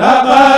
la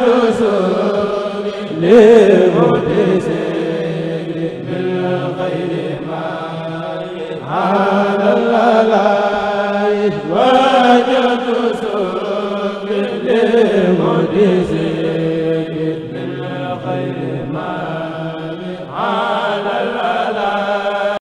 خير ما